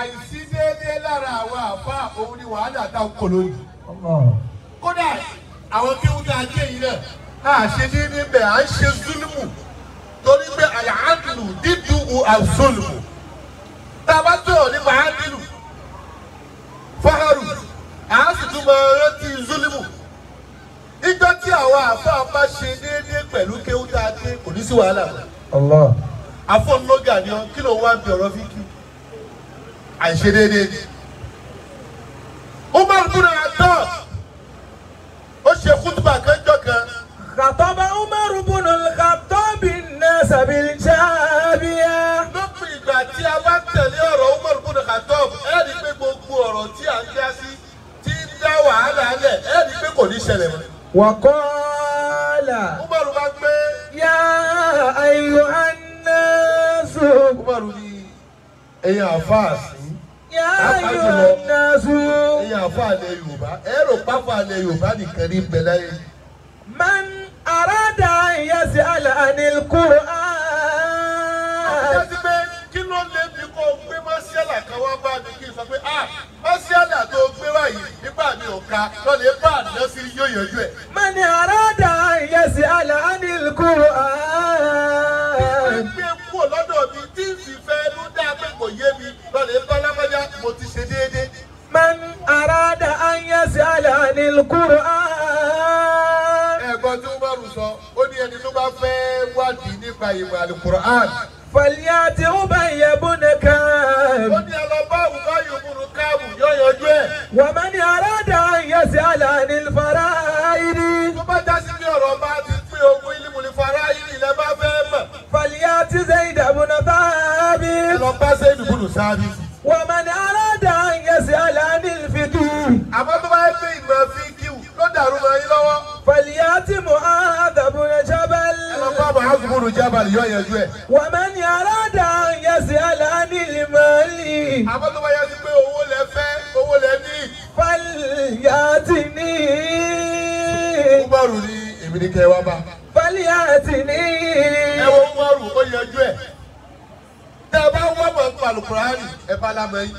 àìsí déédéé lára àwọn àfa òun ni wàhálà tá a kò lónìí. kódà àwọn kéwù tá a jẹ yìí náà a ṣe ní níbẹ̀ à ń ṣe zulumu torí pé àyàádùlù dídú wu àzulumu tá a bá tọ̀ nípa àádùlù fáhàrù à á sì tún máa rántí zulumu nígbà tí àwọn àfa bá ṣe déédéé pẹ̀lú kéwù tá a jẹ kò ní sí wàhálà. àfọ̀nlọ́gà ni ọ kí ló wá bí ọ̀rọ̀ fíkì àìṣedéédé Umar bin Khattab ó ṣe kútùbà kan jọ kan. Khataba Umar bin Khattab bin-nas bil-jabiya. lópin ìgbà tí a bá tẹ̀lé ọ̀rọ̀ Umar bin Khattab ẹ̀ rí i pé gbogbo ọ̀rọ̀ tí a ń dá sí ti ń dá wàhálà lẹ̀ ẹ̀ rí pé kò ní ṣẹlẹ̀ mọ́. wa ya ayyuhan nas. Umar ní ẹ̀yin àfáàsì ayọ̀ nasu. ẹ̀yin àlẹ yorùbá ẹ̀rọ pápá àlẹ yorùbá nìkan ní bẹ láyé. man arada yasi ala anil kuro aa. àbújá kí ló lè mi kó gbé mọ́síálà kan bá mi kí n sọ pé ah mọ́síálà tó o gbé wáyé nígbà mi ò ka lọ́lẹ̀ bá àná sí yóò yọjú man arada yasi ala anil kuro aa. ìgbẹ́ kúrò lọ́dọ̀ mi tí n sì fẹ́ ló dáa. ibrahim alukur'an. fàlíyàtì ubayya bùnà káàbù. ó ní ọlọ́ba àwùjọ yòókùrù káàbù yóò yọjú wà á ní aráàdà yẹsẹ̀ àlàní fara ìdí. tó bá jásí ní ọ̀rọ̀ bá ti pín ogún ìlímùlì fara ìdí ilẹ̀ bá fẹ́ mọ̀. fàlíyàtì zayd abunatabi. ẹ lọ bá zayd bùnú sábì. bá lè yọ ìyànjú ẹ̀. wọ́n máa ní aráàdà yẹsì aláàní lè máa lì. àmọ́ tó bá yẹ sí pé owó lẹ fẹ́ owó lẹ ní. fàlìyà ti ní. kúbárù ni èmi ní kẹ́ ẹ wá bá. fàlìyà ti ní. ẹ wo kúbárù ó yanjú ẹ̀. tẹ́ ẹ bá wọ́n mọ̀ nípa àlùkùránì ẹ bá lámọ̀ yín.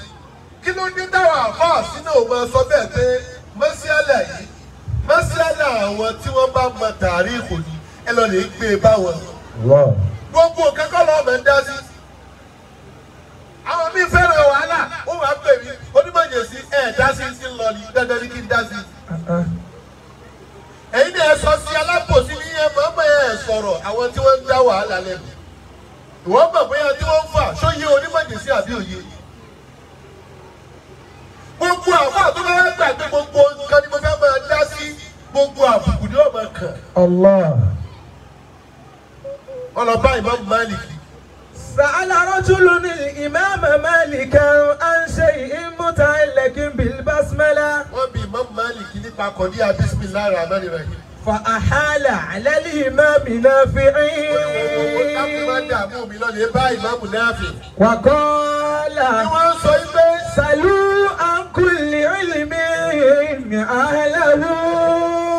kí ló dé táwọn àfáà sínú òun sọ bẹ́ẹ̀ pé mọ́síálà yìí mọ́síálà àwọn tí wọ́n bá mọ tàríkù ni ẹ lọ lè gbé e báwọn gbogbo kankan lọ bẹ ń dá àwọn mi fẹ́ràn wàhálà ó wàá pè mí onímọ̀jẹ̀sí ẹ̀ dá sí sí lọ ní dandan ní kí n dá sí. Uh-uh. ni ẹ sọ sí alábòsí ní ẹ máa ma ẹ sọ̀rọ̀ àwọn tí wọ́n ń dá wàhálà lẹ́nu ìwọ́n mọ̀ bóyá tí wọ́n ń fà sóyè onímọ̀jẹ̀sí àbí òye gbogbo àwọn àtúntò wọn gbàgbé gbogbo nǹkan ni mo fẹ́ máa dá gbogbo àbùkù ni wọ́n máa kàn. Allah ọlọ́ba ìmáàmù máàlìkì. sàálà rọ́júlù ni ìmáàmù máàlìkì à ń ṣe ìmúta ẹlẹ́kìn bilbasmẹ́lá. wọ́n bi ìmáàmù máàlìkì nípa kọ̀dí abísmìlá rahmani rahim. fa àhálà àlẹ́lí ìmáàmù náà fi rín. wà á kọ́ọ́lá. ni wọ́n sọ ibẹ̀. sàlú àǹkùlì ìlìmí àhàlẹ́wò.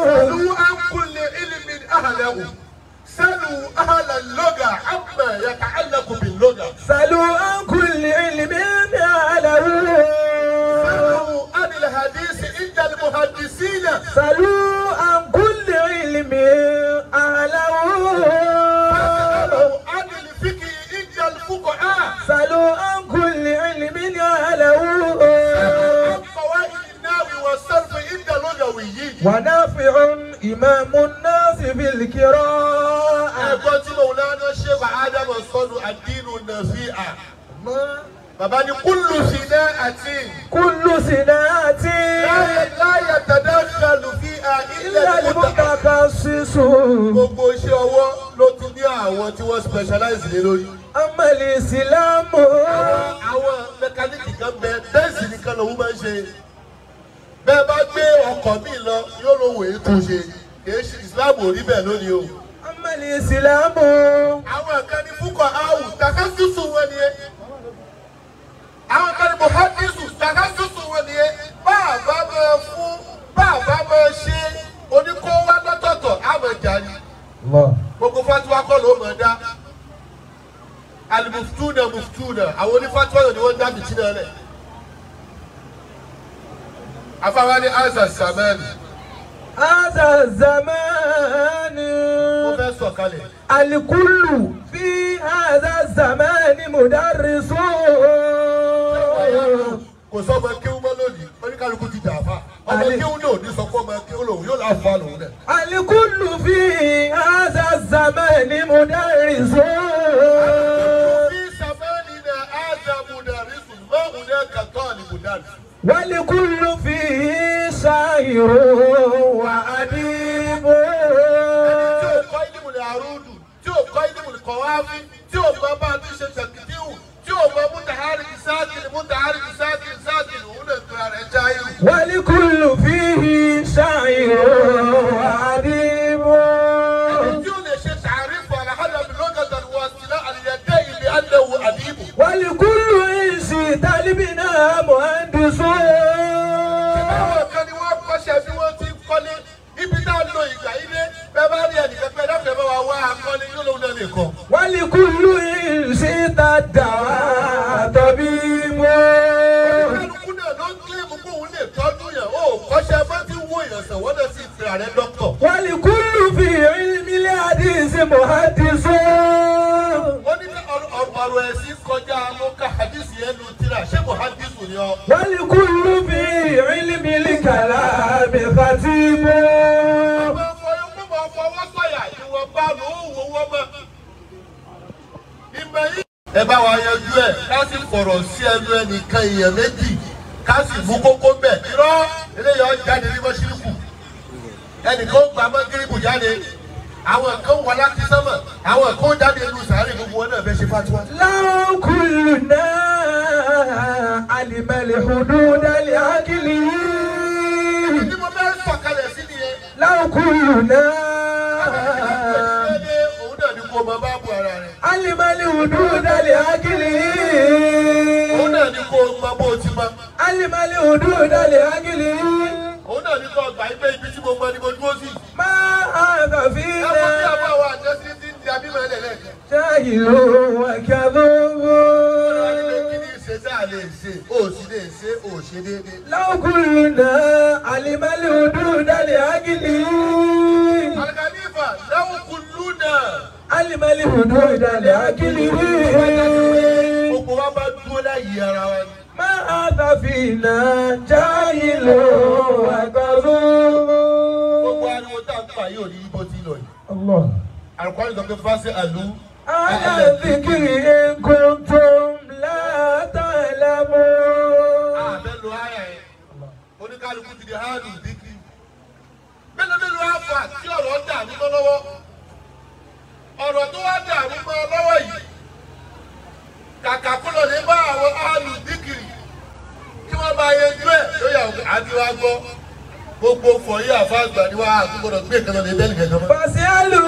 sàlú àǹkùlì ìlìmí àhàlẹ́wò. سلوا أهل اللغة عما يتعلق باللغة سلوا عن كل علم ناله سلوا عن الحديث عند المهندسين سلوا عن كل علم أهله سلوا عن الفقه عند الفقهاء سلوا عن كل علم أهله ونافع إمام الناس بالكرام ẹ̀gbọ́n tí Maulana Sheikh Adam sọnù àdínù nàfíà bàbá ni kúlù sídá àti. kúlù sídá àti. láyà tàdá kàlù fi à ilẹ̀ ìmúta ká sísun. gbogbo iṣẹ́ ọwọ́ ló tún ní àwọn tí wọ́n specialize lé lórí. amẹ́lì ìsìlámù. àwọn mẹkáníìkì kan bẹ bẹ́ẹ̀sì nìkan lòun máa ń ṣe. bẹ́ẹ̀ bá gbé ọkọ̀ mi lọ yóò lówó èyí tó ṣe kì í ṣe ìsìlámù ò rí bẹ́ẹ̀ lónìí o lè sílámù. àwọn kan ní púpọ̀ áwù tàkà sísù wọn ni ẹ. àwọn kan ní bọ̀fọ́ dísù tàkà sísù wọn ni ẹ. báàbá máa fún báàbá máa ṣe oníkówá lọ́tọ̀ọ̀tọ̀ àmọ̀ ìjà ni. gbogbo fatiwa kọ́ ló mọ̀ dá. alimuftuna muftuna àwọn onífatiwa yòó ni wọ́n dá bìtì náà lẹ̀. afáwá ní azaz zamani. azaz zamani fẹ́ sọ̀kalẹ̀. alikulu fi àdá zamani mudarisu. kò sọ ma kéwú mọ́ lónìí oníkálukú ti dà fa ọmọ kéwú náà ní sọ fún ọmọ kéwú lòun yóò láà fa lòun dẹ. alikulu fi àdá zamani mudarisu. Wali wọ́n lè kú lù sí dada tọ́bí mọ́. oníkálukú náà ló ń kílèmù kó òun lè tọ́jú yàn ó kọ́ṣẹ́ bá wọ́n ní ọ̀rọ̀ ẹ̀sìn kọjá amúkà àdìsí ẹnu tíra ṣé mọ̀hádìsù ni ọ. ọ̀rọ̀ sí ẹnu ẹnìkan èèyàn méjì ká sì mú kókó bẹ̀ irọ́ eléyìí ọ̀ jáde ní mọ́ṣíríkù ẹnìkan ó gba mọ́gíríkù jáde àwọn kan wà láti sánmà àwọn kan jáde lu sàárè gbogbo wọn náà fẹ́ ṣe fatiwa. láòkùlù náà àlìmọ̀lẹ̀ òdòdàlẹ̀ àkìlì. èmi ni mo fẹ́ sọ̀kalẹ̀ sí nìyẹn. láòkùlù náà. àlìmọ̀lẹ̀ òdòdàlẹ̀. tó ti mọ. alimali odu dalẹ̀ agili. òun náà ní kọ́ ọgbà yìí pé ibi tí mo gbọ́ ni mo dúró sí. máa àgbà fi ń ẹ kò bí àbá wa àjọ sí ti di abímọ ẹlẹ́lẹ́. táyì ló wà kí lọ́kùnrin náà alimali odu dalẹ̀ agili. àgàlífà lọ́kùnrin náà. alimali odu dalẹ̀ agili. gbogbo wa bá dúró láyé ara wa fìlà jáìlò àgbàrú. gbogbo ariwo tá a fà yóò rí ibo tí lọ yìí. àrùkọ́ ìdọ̀kẹ́ fásitì àlú. aláàbíkiri egun tó ń látàlámú. àbẹ̀lò ara ẹ̀ oníkálukú ti di hàlù díkì. mélòó mélòó àfà tí ọ̀rọ̀ dà mí lọ́wọ́ ọ̀rọ̀ tó wá dà mí lọ́wọ́ yìí kàkà kúlọ̀ ní bá àwọn àlù àwọn àdúrà gbọ́ gbogbo fọyín àfáàgbà ni wàá àtúgbọ̀dọ̀ gbé kan lè bẹ́ẹ̀ nìkan mọ́. fàṣẹ́lù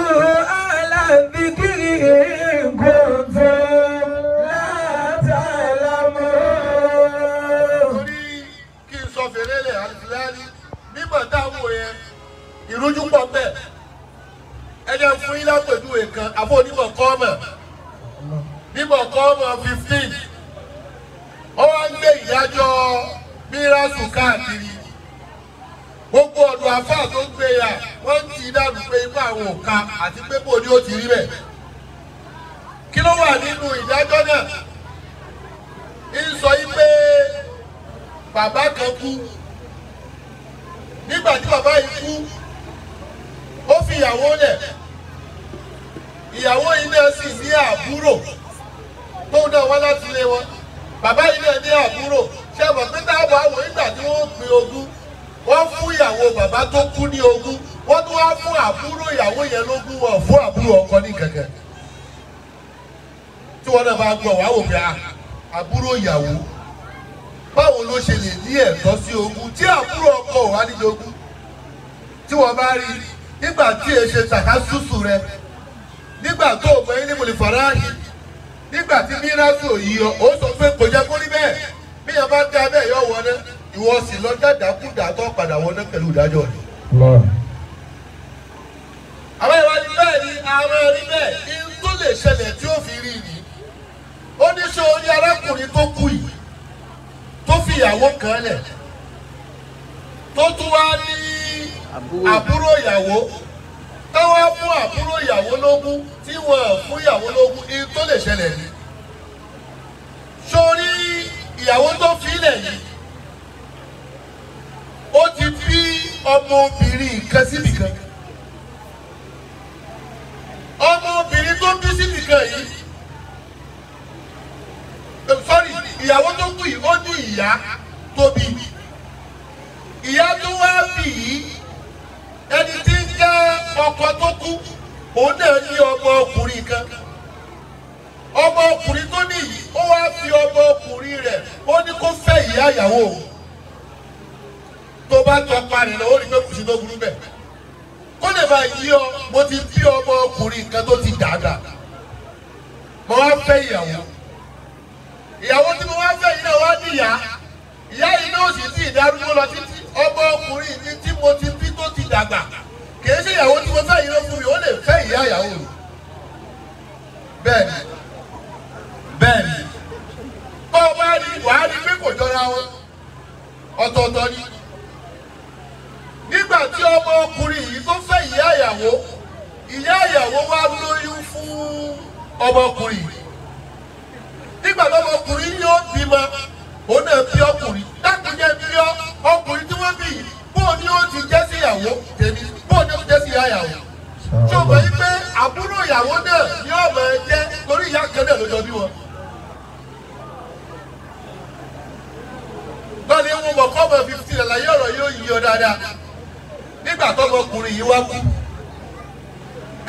alábìkiri gbogbo látàlámọ́. torí kí n sọ fèrè lẹ̀ àtìláyé nígbà táwọn yẹn ìrújú pọ̀ bẹ́ẹ̀ ẹ fún yín lápèjúwe kan àbó onímọ̀ kọ́mọ̀ nímọ̀ kọ́mọ̀ fifteen ó gbé ìdájọ́ mírasù káàkiri gbogbo ọ̀dọ̀ àfà tó gbé ya wọ́n ti dànù pé ipá àwọn òka àti pé bò ni ó ti rí bẹ̀. kí ló wà nínú ìdájọ́ náà ń sọ yí pé bàbá kan kú nígbà tí bàbá yìí kú ó fi ìyàwó lẹ̀ ìyàwó yìí náà sì ní àbúrò tó náà wá láti ilé wọn bàbá yìí náà ní àbúrò ṣé mọ̀ pé táwọn àwọn ìgbà tí wọ́n pín ogún wọ́n fún ìyàwó bàbá tó kú ní ogún wọ́n tún wá fún àbúrò ìyàwó yẹn lógún wọn fún àbúrò ọkọ ní kankan tí wọ́n náà máa gbọ́ wàá wò pé ah, àbúrò ìyàwó báwo ló ṣe lè ní ẹ̀tọ́ sí ogún tí àbúrò ọkọ ò wá nílé ogún tí wọ́n bá rí nígbà tí èyí ṣe tàkásùsù rẹ nígbà tó o mọ ẹni mo lè fara yìí nígbà tí mírasù yìí ó sọ pé kò jẹ́ kó rí bẹ́ẹ̀ bí yẹn bá dá bẹ́ẹ̀ yọ wọlé ìwọ sì lọ dáadáa kú dàtọ́ padà wọlé pẹ̀lú ìdájọ́ rẹ̀. àwọn ìwà ni bẹ́ẹ̀ ni àwọn ẹni bẹ́ẹ̀ ni tó lè ṣẹlẹ̀ tí ó fi rí ni ó ní ṣe orí arákùnrin tó kú yìí tó fi ìyàwó kan lẹ̀ tó tún wá ní àbúrò ìyàwó táwọn mú àbúrò ìyàwó lógún tí wọn fún ìyàwó lógún ní tó lè ṣẹlẹ̀ ni ìyàwó tó fi ilẹ̀ yìí ó ti bí ọmọbìnrin kan síbi kan ọmọbìnrin tó bí síbi kan yìí eh, sorry ìyàwó tó kù yìí ó ní ìyá tó bí ìyá tó wá bì í ẹni tí ń jẹ́ ọkọ tó kú òun náà ní ọmọ ọkùnrin kan ọmọ ọkùnrin tó ní yìí ó wá fi ìyá ìyàwó tó bá tọ parí lọ ó rí pé kò sí tó burú bẹ́ẹ̀ kó lè máa yí ọ mo ti bí ọmọ ọkùnrin nǹkan tó ti dàgbà mo wá fẹ́ ìyàwó ìyàwó tí mo wá fẹ́ yìí náà wá níyà ìyá yìí náà sì ti ìdárúgbó lọ títí ọmọ ọkùnrin mi tí mo ti bí tó ti dàgbà kì í ṣe ìyàwó tí mo fẹ́ yìí ló fún mi ó lè fẹ́ ìyá ìyàwó mi bẹ́ẹ̀ ra wọn ọ̀tọ̀ọ̀tọ̀ ni nígbà tí ọmọ ọkùnrin yìí tó fẹ́ ìyá ìyàwó ìyá ìyàwó wá lóyún fún ọmọkùnrin yìí nígbà tó ọmọkùnrin yóò bímọ òun náà bí ọkùnrin dákúnjẹ́ bí ọkùnrin tí wọ́n bí yìí bóò ni ó ti jẹ́ sí ìyàwó tèmi bóò ni ó ti jẹ́ sí ìyá ìyàwó ṣùgbọ́n yìí pé àbúrò ìyàwó náà yóò máa jẹ́ torí ìyá kan náà lójọ ṣàlàyé ọ̀rọ̀ yóò yí ọ dáadáa nígbà tọmọkùnrin yìí wá kú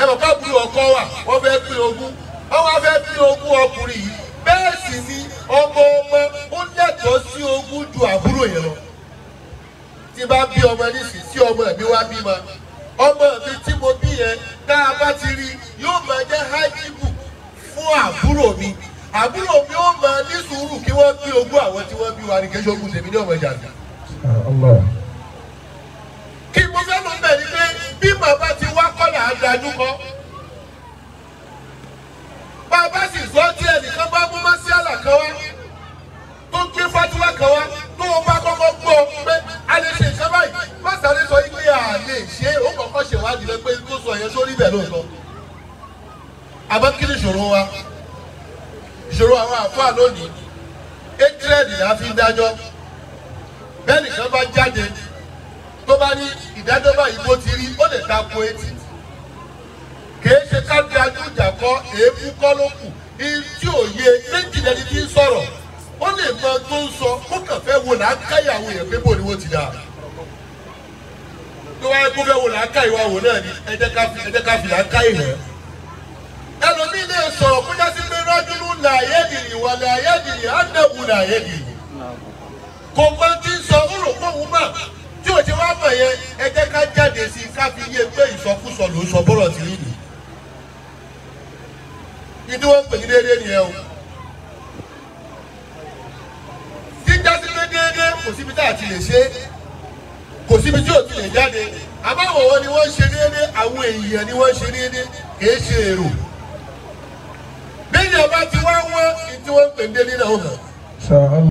ẹ mọ̀ káàbùrù ọkọ wà wọ́n fẹ́ pín ogún wọ́n wá fẹ́ pín ogún ọkùnrin yìí bẹ́ẹ̀ sì ni ọmọ ọmọ ó lẹ́tọ̀ọ́ sí ogún ju àbúrò yẹn lọ tí bá bí ọmọ nísìsiyìí tí ọmọ mi wá bímọ ọmọ mi tí mo bí yẹn tá a bá ti rí yóò máa jẹ́ hájíbù fún àbúrò mi àbúrò mi ó máa ní sùúrù kí wọ́n bí ogún àwọn tí wọ́n bí wa ní kẹ́sọ́gùn tèmi ní ọmọ ìjà bàbá ti wá kọ́là àdájú bàbá sì zọ́ tí ẹnìkan bá mú mọ́síálà kan wá tó gbé fatiwa kan wá tó o bá kọ́kọ́ gbọ́ pé a lè ṣe ìṣe báyìí mọ́sálẹ̀ sọ pé a lè ṣe é ó kọ́kọ́ ṣèwádìí lọ pé tó sọ yẹn sórí bẹ̀ lóòótọ́ àmọ́ kí ni ìṣòro wa ìṣòro àwọn àfáà lónìí eight hundred dájọ́ bẹ́ẹ̀ nìkan bá jáde tó bá ní ìdájọ́ báyìí bó ti rí ó lè tako etí kèé ṣe ká di ajújà kọ èébú kọ́ ló kù tí ò yé méjìlélẹ́ni tí ń sọ̀rọ̀ ó lè mọ tó ń sọ ó kàn fẹ́ wo làákàyàwó yẹn pé bò ni wọ́n ti dà tó wáyé kó fẹ́ wo làákàyàwó wò náà ni ẹ jẹ́ ká fi làákàyè hàn ẹlòmíín lè sọ̀rọ̀ kó já sí pé rájúlù làyé nìyí wà làyé nìyí ánàbù làyé nìyí kò mọ tí ń sọ ó rò pé òun máa tí òjò wa mọ̀ yẹn ẹ jẹ́ ká jáde sí i ká fi yé e pé ìsọkúsọ ló ń sọ bọ́rọ̀ sí yìí nìyí. ìdí wọn ń pè ní déédéé nìyẹn o. jíjá sí pé déédéé kò síbi tá a ti lè ṣe é kò síbi tí ò ti lè jáde àbáwọ̀ wọn ni wọ́n ṣe déédéé àwọn èèyàn ni wọ́n ṣe déédéé kìí ṣe èrò. bí ìjọba ti wá wọ́n ìdí wọn ń pè ní déédéé náà hàn.